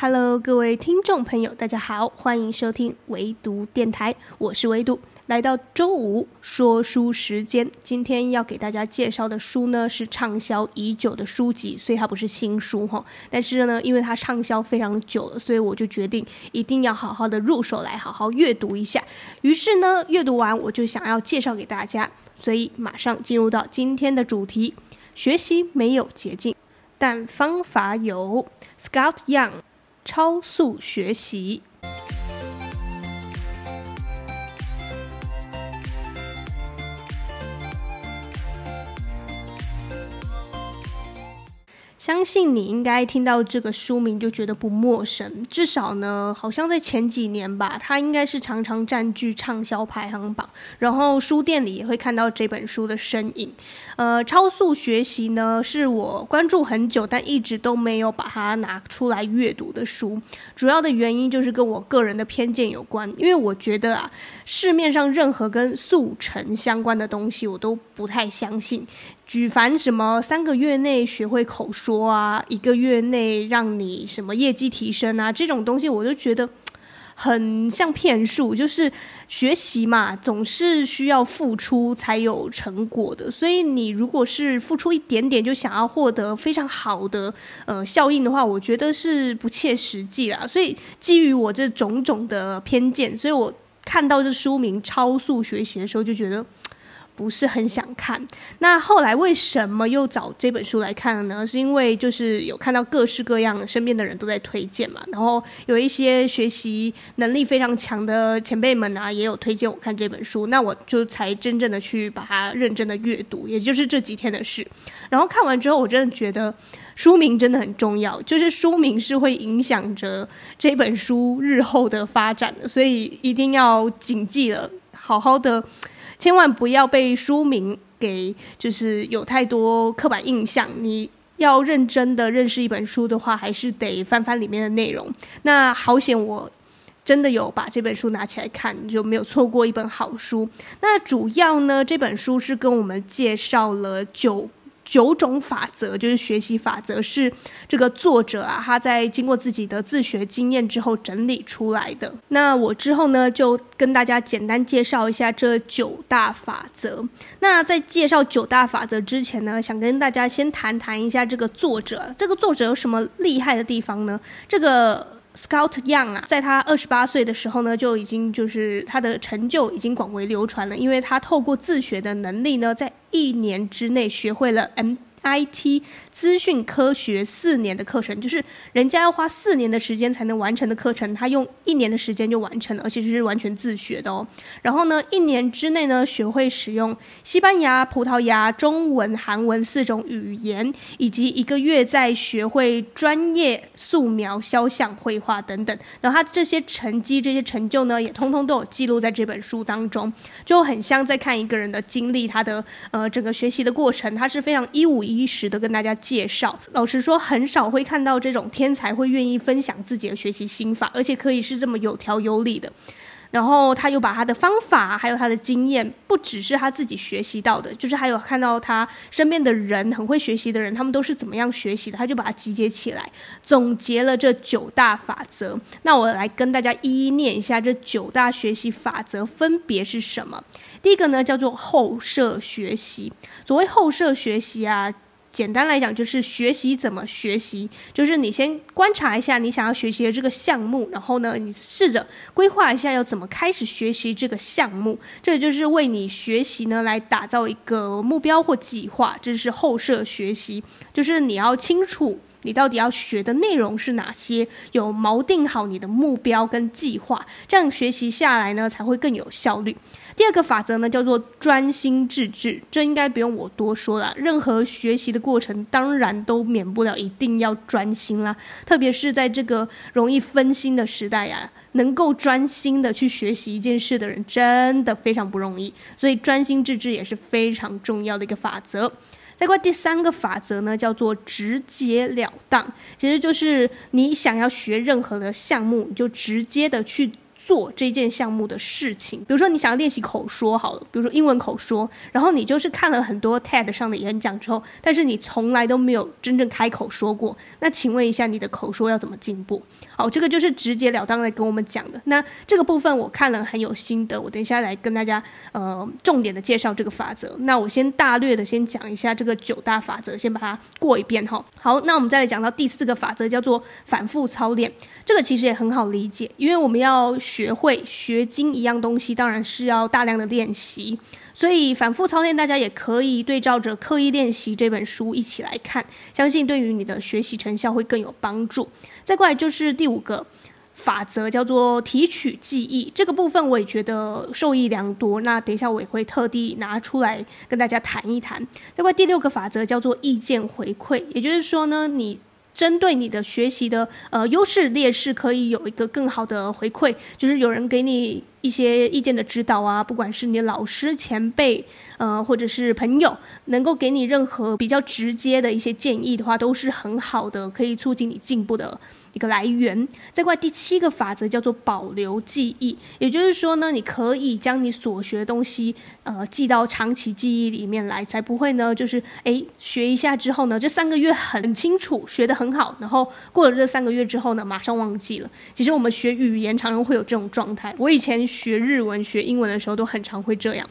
Hello，各位聽眾朋友，大家好，歡迎收聽唯讀電台，我是唯讀。來到週五說書時間，今天要給大家介紹的書呢是暢銷已久的書籍，所以它不是新書哈。但是呢，因為它暢銷非常久了，所以我就決定一定要好好的入手來好好閱讀一下。於是呢，閱讀完我就想要介紹給大家，所以馬上進入到今天的主題：學習沒有捷徑，但方法有。Scott Young。超速學習。相信你應該聽到這個書名就覺得不陌生，至少呢，好像在前幾年吧，它應該是常常占據暢銷排行榜，然後書店裡也會看到這本書的身影。呃，超速學習呢，是我關注很久但一直都沒有把它拿出來閱讀的書，主要的原因就是跟我個人的偏見有關，因為我覺得啊，市面上任何跟速成相關的東西，我都不太相信。舉凡什麼三個月內學會口說啊，一個月內讓你什麼業績提升啊，這種東西我就覺得，很像騙術。就是學習嘛，總是需要付出才有成果的。所以你如果是付出一點點就想要獲得非常好的呃效應的話，我覺得是不切實際啦。所以基於我這種種的偏見，所以我看到這書名《超速學習》的時候就覺得。不是很想看，那後來為什麼又找這本書來看呢？是因為就是有看到各式各樣身邊的人都在推薦嘛，然後有一些學習能力非常強的前輩們啊，也有推薦我看這本書，那我就才真正的去把它認真的閱讀，也就是這幾天的事。然後看完之後，我真的覺得書名真的很重要，就是書名是會影響着這本書日後的發展的，所以一定要謹記了，好好的。千萬不要被書名給就是有太多刻板印象。你要認真的認識一本書的話，還是得翻翻裡面的內容。那好險，我真的有把這本書拿起來看，就沒有錯過一本好書。那主要呢，這本書是跟我們介紹了九。九種法則，就是學習法則，是這個作者啊，他在經過自己的自學經驗之後整理出來的。那我之後呢，就跟大家簡單介紹一下這九大法則。那在介紹九大法則之前呢，想跟大家先談談一下這個作者。這個作者有什麼厲害的地方呢？這個 Scott Young 啊，在他二十八歲的時候呢，就已經，就是他的成就已經廣為流傳了，因為他透過自學的能力呢，在。一年之內學會了 M。IT 資訊科學四年的課程，就是人家要花四年的時間才能完成的課程，他用一年的時間就完成了，而且是完全自學的哦。然後呢，一年之內呢，學會使用西班牙、葡萄牙、中文、韓文四種語言，以及一個月再學會專業素描、肖像繪畫等等。然後他這些成績、這些成就呢，也通通都有記錄在這本書當中，就很像在看一個人的經歷，他的呃整個學習的過程，他是非常一五一。一時的跟大家介紹，老實說，很少會看到這種天才會願意分享自己的學習心法，而且可以是這麼有條有理的。然後他又把他的方法，還有他的經驗，不只是他自己學習到的，就是還有看到他身邊的人很會學習的人，他們都是怎麼樣學習的，他就把它集結起來，總結了這九大法則。那我來跟大家一一念一下這九大學習法則分別是什麼。第一個呢，叫做後設學習。所謂後設學習啊，簡單來講，就是學習怎麼學習，就是你先觀察一下你想要學習的這個項目，然後呢，你試着規劃一下要怎麼開始學習這個項目。這就是為你學習呢來打造一個目標或計劃，這是後設學習，就是你要清楚你到底要學的內容是哪些，有錨定好你的目標跟計劃，這樣學習下來呢才會更有效率。第二個法則呢，叫做專心致志，這應該不用我多說了。任何學習的過程，當然都免不了一定要專心啦。特別是在這個容易分心的時代呀、啊，能夠專心的去學習一件事的人，真的非常不容易。所以專心致志也是非常重要的一個法則。再過來第三個法則呢，叫做直截了當。其實就是你想要學任何的項目，你就直接的去。做這件項目的事情，比如說你想要練習口說好了，比如說英文口說，然後你就是看了很多 TED 上的演講之後，但是你從來都沒有真正開口說過。那請問一下，你的口說要怎麼進步？好，這個就是直截了當的跟我們講的。那這個部分我看了很有心得，我等一下來跟大家呃重點的介紹這個法則。那我先大略的先講一下這個九大法則，先把它過一遍哈、哦。好，那我們再來講到第四個法則，叫做反覆操練。這個其實也很好理解，因為我們要。學會學精一樣東西，當然是要大量的練習，所以反覆操練，大家也可以對照着刻意練習這本書一起來看，相信對於你的學習成效會更有幫助。再過來就是第五個法則，叫做提取記憶，這個部分我也覺得受益良多。那等一下我也會特地拿出來跟大家談一談。再過來第六個法則叫做意見回饋，也就是說呢，你。針對你的學習的呃優勢劣勢，可以有一個更好的回饋，就是有人給你。一些意見的指導啊，不管是你的老師、前輩，呃，或者是朋友，能夠給你任何比較直接的一些建議的話，都是很好的，可以促進你進步的一個來源。這塊第七個法則叫做保留記憶，也就是說呢，你可以將你所學的東西呃記到長期記憶裡面來，才不會呢，就是哎學一下之後呢，這三個月很清楚，學的很好，然後過了這三個月之後呢，馬上忘記了。其實我們學語言常常會有這種狀態，我以前。學日文、學英文的時候都很常會這樣，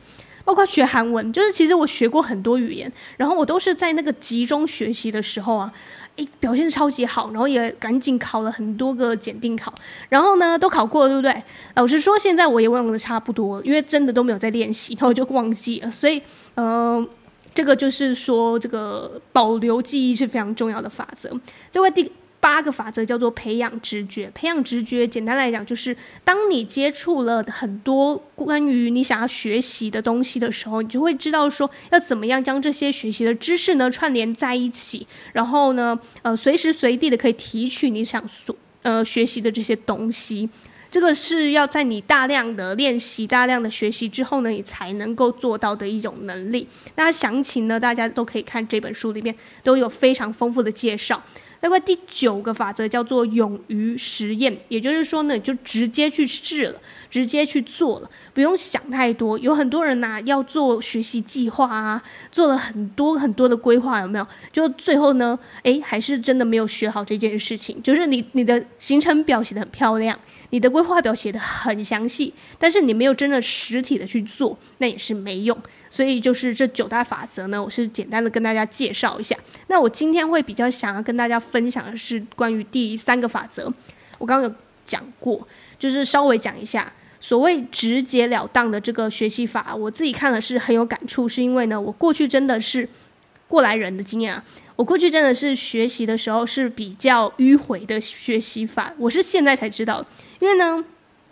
包括學韓文，就是其實我學過很多語言，然後我都是在那個集中學習的時候啊，哎，表現超級好，然後也趕緊考了很多個檢定考，然後呢，都考過了，對不對？老實說，現在我也忘了差不多，因為真的都沒有在練習，然後就忘記了，所以嗯，呃，這個就是說這個保留記憶是非常重要的法則。這位第。八個法則叫做培養直覺。培養直覺，簡單來講就是，當你接觸了很多關於你想要學習的東西的時候，你就會知道說要怎麼樣將這些學習的知識呢串聯在一起，然後呢，呃，隨時隨地的可以提取你想所呃學習的這些東西。這個是要在你大量的練習、大量的學習之後呢，你才能夠做到的一種能力。那詳情呢，大家都可以看這本書裡面都有非常豐富的介紹。另外第九個法則叫做勇於實驗，也就是說呢，你就直接去試了，直接去做了，不用想太多。有很多人吶、啊，要做學習計劃啊，做了很多很多的規劃，有沒有？就最後呢，哎，還是真的沒有學好這件事情。就是你你的行程表寫得很漂亮，你的規劃表寫得很詳細，但是你沒有真的實體的去做，那也是沒用。所以就是這九大法則呢，我是簡單的跟大家介紹一下。那我今天會比較想要跟大家分享的是關於第三個法則。我剛剛有講過，就是稍微講一下所謂直截了當的這個學習法。我自己看了是很有感觸，是因為呢，我過去真的是過來人的經驗啊。我過去真的是學習的時候是比較迂回的學習法，我是現在才知道，因為呢。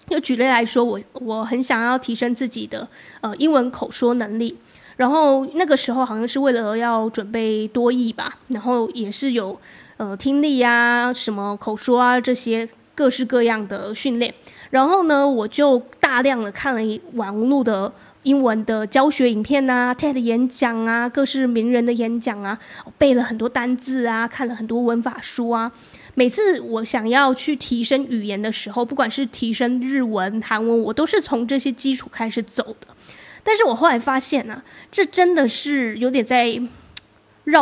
就舉例來說，我我很想要提升自己的呃英文口說能力，然後那個時候好像是為了要準備多益吧，然後也是有呃聽力啊、什麼口說啊這些各式各樣的訓練，然後呢，我就大量的看了網路的英文的教學影片啊、TED 演講啊、各式名人的演講啊，背了很多單字啊，看了很多文法書啊。每次我想要去提升語言的時候，不管是提升日文、韓文，我都是從這些基礎開始走的。但是我後來發現呢，啊，這真的是有點在繞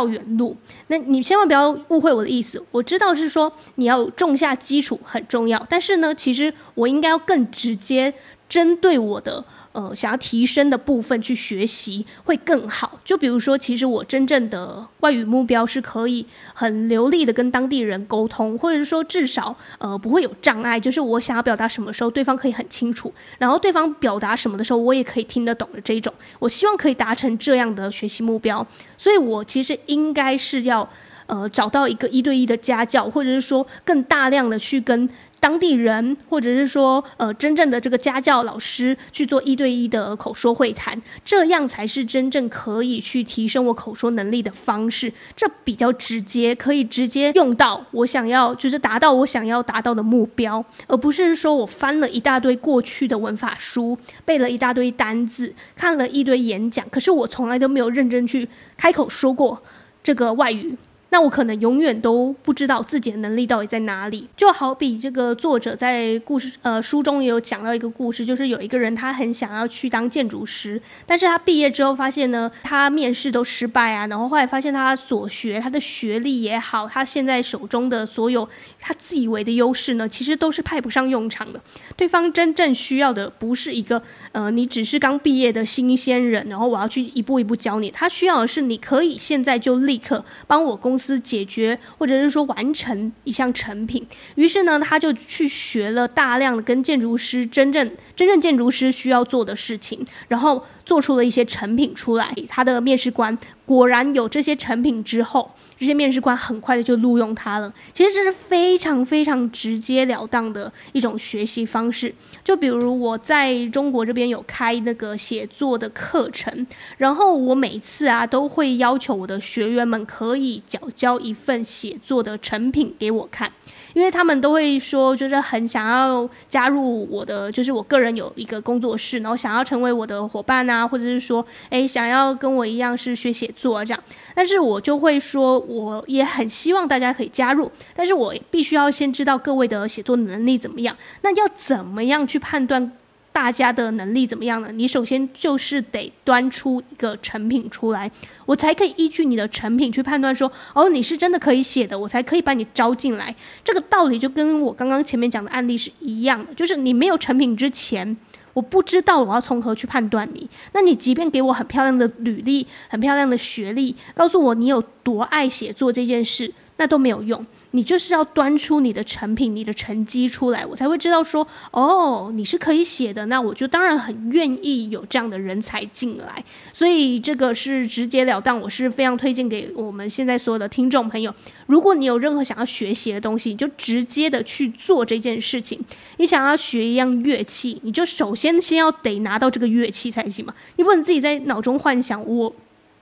遠路。那你千萬不要誤會我的意思。我知道是說你要種下基礎很重要，但是呢，其實我應該要更直接。針對我的呃想要提升的部分去學習會更好。就比如說，其實我真正的外語目標是可以很流利的跟當地人溝通，或者是說至少呃不會有障礙，就是我想要表達什麼時候對方可以很清楚，然後對方表達什麼的時候我也可以聽得懂的這一種。我希望可以達成這樣的學習目標，所以我其實應該是要呃找到一個一對一的家教，或者是說更大量的去跟，當地人，或者是說，呃，真正的這個家教老師去做一對一的口說會談，這樣才是真正可以去提升我口說能力的方式。這比較直接，可以直接用到我想要，就是達到我想要達到的目標，而不是說我翻了一大堆過去的文法書，背了一大堆單字，看了一堆演講，可是我從來都沒有認真去開口說過這個外語。那我可能永遠都不知道自己的能力到底在哪裡。就好比這個作者在故事呃書中也有講到一個故事，就是有一個人他很想要去當建築師，但是他畢業之後發現呢，他面試都失敗啊。然後後來發現他所學、他的學歷也好，他現在手中的所有他自以為的優勢呢，其實都是派不上用場的。對方真正需要的不是一個呃，你只是剛畢業的新鮮人，然後我要去一步一步教你。他需要的是你可以現在就立刻幫我公司司解決或者是說完成一項成品，於是呢，他就去學了大量的跟建築師真正真正建築師需要做的事情，然後做出了一些成品出來。他的面試官果然有這些成品之後。這些面試官很快的就錄用他了。其實這是非常非常直截了當的一種學習方式。就比如我在中國這邊有開那個寫作的課程，然後我每次啊都會要求我的學員們可以繳交一份寫作的成品給我看，因為他們都會說，就是很想要加入我的，就是我個人有一個工作室，然後想要成為我的夥伴啊，或者是說誒想要跟我一樣是學寫作、啊、這樣，但是我就會說。我也很希望大家可以加入，但是我必須要先知道各位的寫作能力怎麼樣。那要怎麼樣去判斷大家的能力怎麼樣呢？你首先就是得端出一個成品出來，我才可以依據你的成品去判斷說，哦，你是真的可以寫的，我才可以把你招進來。這個道理就跟我剛剛前面講的案例是一樣的，就是你沒有成品之前。我不知道我要從何去判斷你。那你即便給我很漂亮的履歷、很漂亮的學歷，告訴我你有多愛寫作這件事。那都沒有用，你就是要端出你的成品、你的成績出來，我才會知道說，哦，你是可以寫的。那我就當然很願意有這樣的人才進來。所以這個是直截了當，我是非常推薦給我們現在所有的聽眾朋友，如果你有任何想要學習的東西，你就直接的去做這件事情。你想要學一樣樂器，你就首先先要得拿到這個樂器才行嘛，你不能自己在腦中幻想我。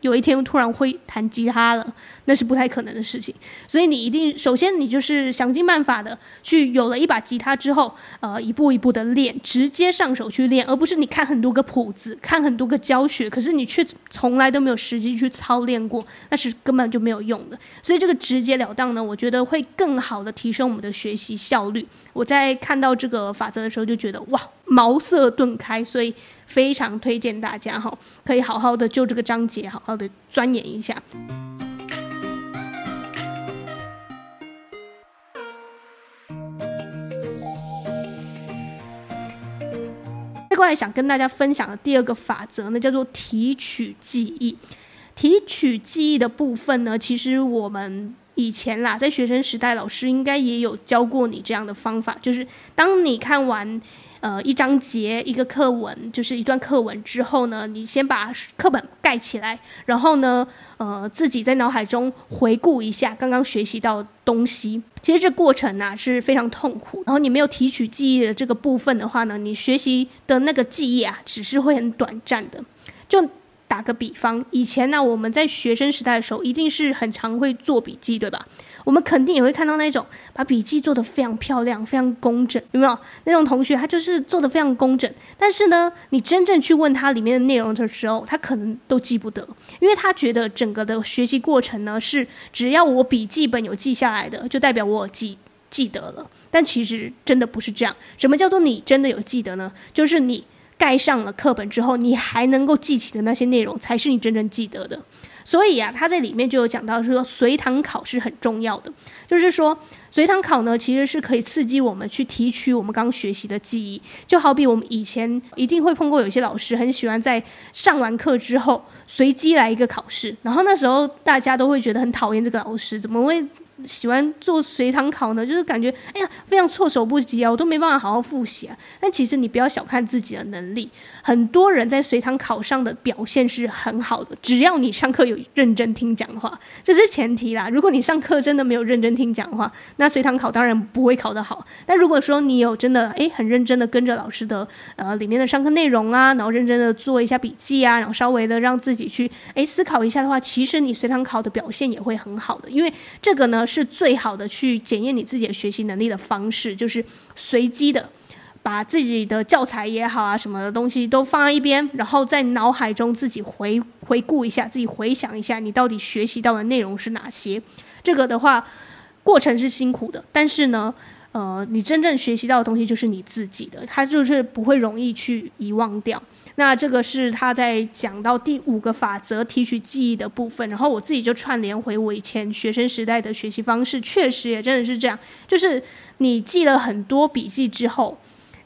有一天突然會彈吉他了，那是不太可能的事情。所以你一定，首先你就是想盡辦法的去有了一把吉他之後，呃，一步一步的練，直接上手去練，而不是你看很多個譜子，看很多個教學，可是你卻從來都沒有實際去操練過，那是根本就沒有用的。所以這個直截了當呢，我覺得會更好的提升我們的學習效率。我在看到這個法則的時候就覺得哇。茅塞頓開，所以非常推薦大家哈，可以好好的就這個章節好好的鑽研一下。另外，想跟大家分享的第二個法則呢，叫做提取記憶。提取記憶的部分呢，其實我們以前啦，在學生時代，老師應該也有教過你這樣的方法，就是當你看完。呃，一章節一個課文，就是一段課文之後呢，你先把課本蓋起來，然後呢，呃，自己在腦海中回顧一下剛剛學習到的東西。其實這個過程呢、啊、是非常痛苦。然後你沒有提取記憶的這個部分的話呢，你學習的那個記憶啊，只是會很短暫的。就打個比方，以前呢、啊，我們在學生時代的時候，一定是很常會做筆記，對吧？我們肯定也會看到那種把筆記做得非常漂亮、非常工整，有沒有那種同學？他就是做得非常工整，但是呢，你真正去問他裡面的內容的時候，他可能都記不得，因為他覺得整個的學習過程呢是，只要我筆記本有記下來的，就代表我記記得了。但其實真的不是這樣。什麼叫做你真的有記得呢？就是你蓋上了課本之後，你還能夠記起的那些內容，才是你真正記得的。所以啊，他在裡面就有講到，說隨堂考是很重要的，就是說隨堂考呢，其實是可以刺激我們去提取我們剛剛學習的記憶，就好比我們以前一定會碰過，有些老師很喜歡在上完課之後隨機來一個考試，然後那時候大家都會覺得很討厭這個老師，怎麼會？喜歡做隨堂考呢，就是感覺哎呀，非常措手不及啊、哦，我都沒辦法好好復習啊。但其實你不要小看自己的能力，很多人在隨堂考上的表現是很好的。只要你上課有認真聽講的話，這是前提啦。如果你上課真的沒有認真聽講的話，那隨堂考當然不會考得好。那如果說你有真的誒，很認真的跟着老師的呃裡面的上課內容啊，然後認真的做一下筆記啊，然後稍微的讓自己去誒思考一下的話，其實你隨堂考的表現也會很好的，因為這個呢。是最好的去檢驗你自己的學習能力的方式，就是隨機的把自己的教材也好啊、什麼的東西都放在一邊，然後在腦海中自己回回顧一下，自己回想一下你到底學習到的內容是哪些。這個的話，過程是辛苦的，但是呢。呃，你真正學習到的東西就是你自己的，它就是不會容易去遺忘掉。那這個是他在講到第五個法則提取記憶的部分，然後我自己就串聯回我以前學生時代的學習方式，確實也真的是這樣。就是你記了很多筆記之後，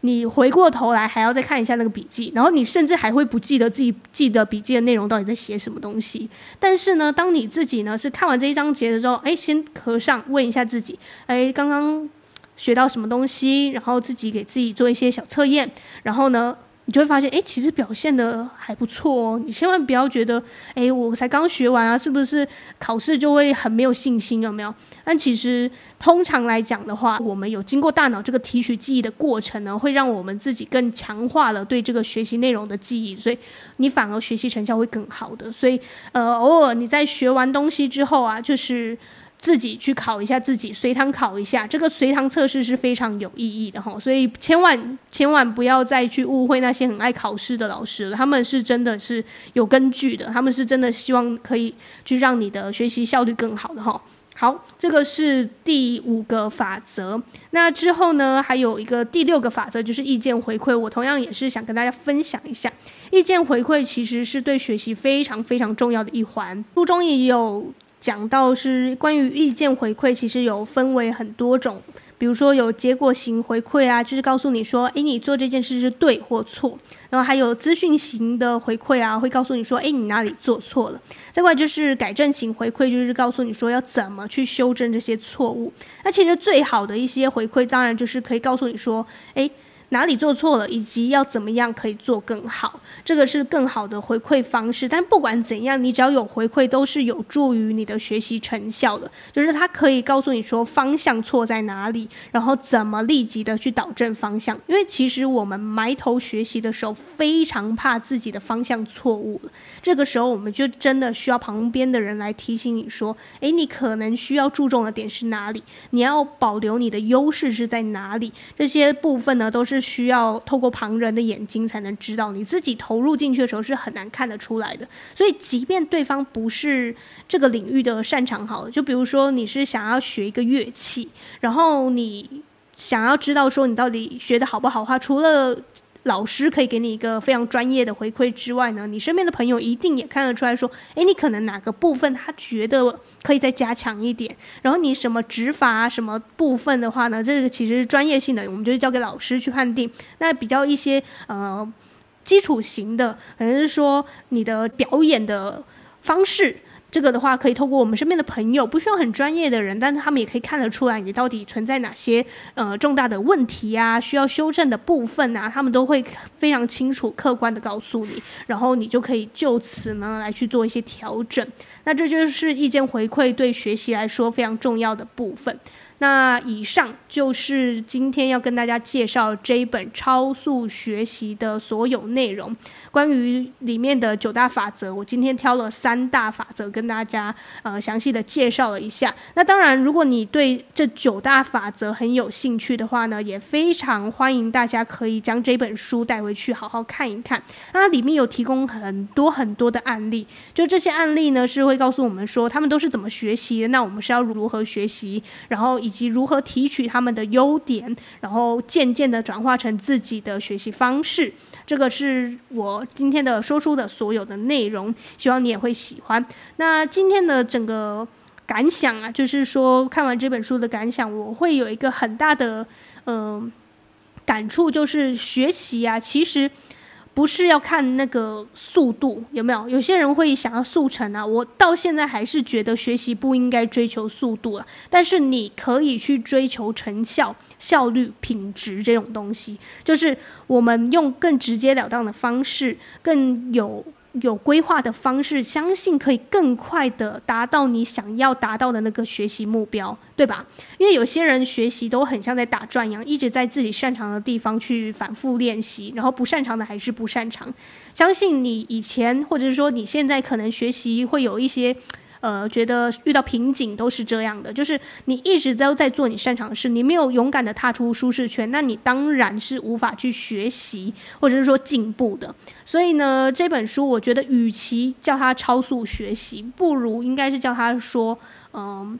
你回過頭來還要再看一下那個筆記，然後你甚至還會不記得自己記的筆記的內容到底在寫什麼東西。但是呢，當你自己呢是看完這一章節的時候，誒，先合上，問一下自己，誒，剛剛。學到什麼東西，然後自己給自己做一些小測驗，然後呢，你就會發現，哎，其實表現得還不錯哦。你千萬不要覺得，哎，我才剛學完啊，是不是考試就會很沒有信心？有沒有？但其實通常來講的話，我們有經過大腦這個提取記憶的過程呢，會讓我們自己更強化了對這個學習內容的記憶，所以你反而學習成效會更好的。所以，呃，偶爾你在學完東西之後啊，就是。自己去考一下自己，隨堂考一下，這個隨堂測試是非常有意義的哈，所以千萬千萬不要再去誤會那些很愛考試的老師了，他們是真的是有根據的，他們是真的希望可以去讓你的學習效率更好的哈。好，這個是第五個法則，那之後呢，還有一個第六個法則，就是意見回饋，我同樣也是想跟大家分享一下，意見回饋其實是對學習非常非常重要的一環，書中也有。講到是關於意見回饋，其實有分為很多種，比如說有結果型回饋啊，就是告訴你說，誒，你做這件事是對或錯，然後還有資訊型的回饋啊，會告訴你說，誒，你哪裡做錯了。再過來就是改正型回饋，就是告訴你說要怎麼去修正這些錯誤。那其實最好的一些回饋，當然就是可以告訴你說，誒……哪裡做錯了，以及要怎麼樣可以做更好，這個是更好的回饋方式。但不管怎樣，你只要有回饋，都是有助於你的學習成效的。就是他可以告訴你說方向錯在哪裡，然後怎麼立即的去導正方向。因為其實我們埋頭學習的時候，非常怕自己的方向錯誤了。這個時候，我們就真的需要旁邊的人來提醒你說：“誒，你可能需要注重的點是哪裡？你要保留你的優勢是在哪裡？”這些部分呢，都是。是需要透過旁人的眼睛，才能知道，你自己投入進去的時候是很難看得出來的。所以，即便對方不是這個領域的擅長，好了，就比如說你是想要學一個樂器，然後你想要知道說你到底學得好不好的話，除了老師可以給你一個非常專業的回饋之外呢，你身邊的朋友一定也看得出來說，誒，你可能哪個部分他覺得可以再加強一點。然後你什麼指法什麼部分的話呢，這個其實是專業性的，我們就交給老師去判定。那比較一些呃基礎型的，可能是說你的表演的方式。這個的話，可以透過我們身邊的朋友，不需要很專業的人，但是他們也可以看得出來你到底存在哪些呃重大的問題啊，需要修正的部分啊，他們都會非常清楚、客觀地告訴你，然後你就可以就此呢來去做一些調整。那這就是意見回饋對學習來說非常重要的部分。那以上就是今天要跟大家介紹這一本超速學習的所有內容。關於裡面的九大法則，我今天挑了三大法則跟。大家呃詳細的介紹了一下。那當然，如果你對這九大法則很有興趣的話呢，也非常歡迎大家可以將這本書帶回去好好看一看。那裡面有提供很多很多的案例，就這些案例呢，是會告訴我們說他們都是怎麼學習的，那我們是要如何學習，然後以及如何提取他們的優點，然後漸漸的轉化成自己的學習方式。這個是我今天的說書的所有的內容，希望你也會喜歡。那。那今天的整個感想啊，就是說看完這本書的感想，我會有一個很大的嗯、呃、感觸，就是學習啊，其實不是要看那個速度有沒有，有些人會想要速成啊。我到現在還是覺得學習不應該追求速度啊，但是你可以去追求成效、效率、品質這種東西，就是我們用更直截了當的方式，更有。有規劃的方式，相信可以更快的達到你想要達到的那個學習目標，對吧？因為有些人學習都很像在打轉一樣，一直在自己擅長的地方去反覆練習，然後不擅長的還是不擅長。相信你以前或者是說你現在可能學習會有一些。呃，覺得遇到瓶頸都是這樣的，就是你一直都在做你擅長的事，你沒有勇敢的踏出舒適圈，那你當然是無法去學習或者是說進步的。所以呢，這本書我覺得，與其叫它「超速學習，不如應該是叫它說，嗯、呃，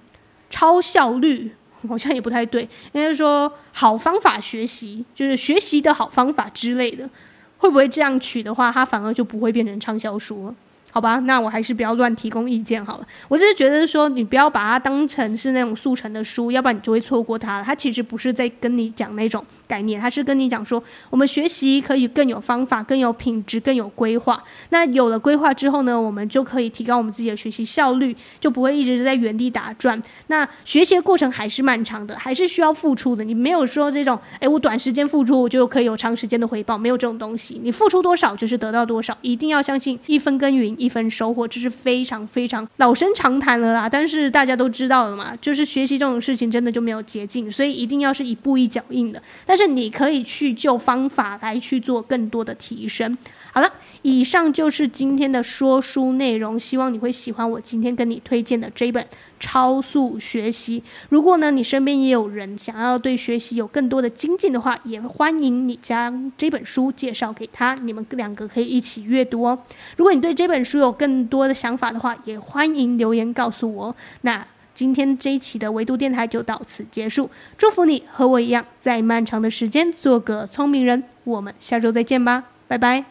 超效率好像也不太對，應該是說好方法學習，就是學習的好方法之類的。會不會這樣取的話，它反而就不會變成暢銷書了？好吧，那我還是不要亂提供意見好了。我只是覺得說，你不要把它當成是那種速成的書，要不然你就會錯過它了。它其實不是在跟你講那種概念，它是跟你講說，我們學習可以更有方法、更有品質、更有規劃。那有了規劃之後呢，我們就可以提高我們自己的學習效率，就不會一直在原地打轉。那學習的過程還是漫長的，還是需要付出的。你沒有說這種，哎，我短時間付出，我就可以有長時間的回報，沒有這種東西。你付出多少就是得到多少，一定要相信一分耕耘，一分收穫，這是非常非常老生常談了啦。但是大家都知道了嘛，就是學習這種事情真的就沒有捷徑，所以一定要是一步一腳印的。但是你可以去就方法來去做更多的提升。好了，以上就是今天的說書內容。希望你會喜歡我今天跟你推薦的這一本《超速學習》。如果呢，你身邊也有人想要對學習有更多的精進的話，也歡迎你將這本書介紹給他，你們兩個可以一起閱讀哦。如果你對這本書有更多的想法的話，也歡迎留言告訴我。那今天這一期的微讀電台就到此結束。祝福你和我一樣，在漫長的時間做個聰明人。我們下周再見吧，拜拜。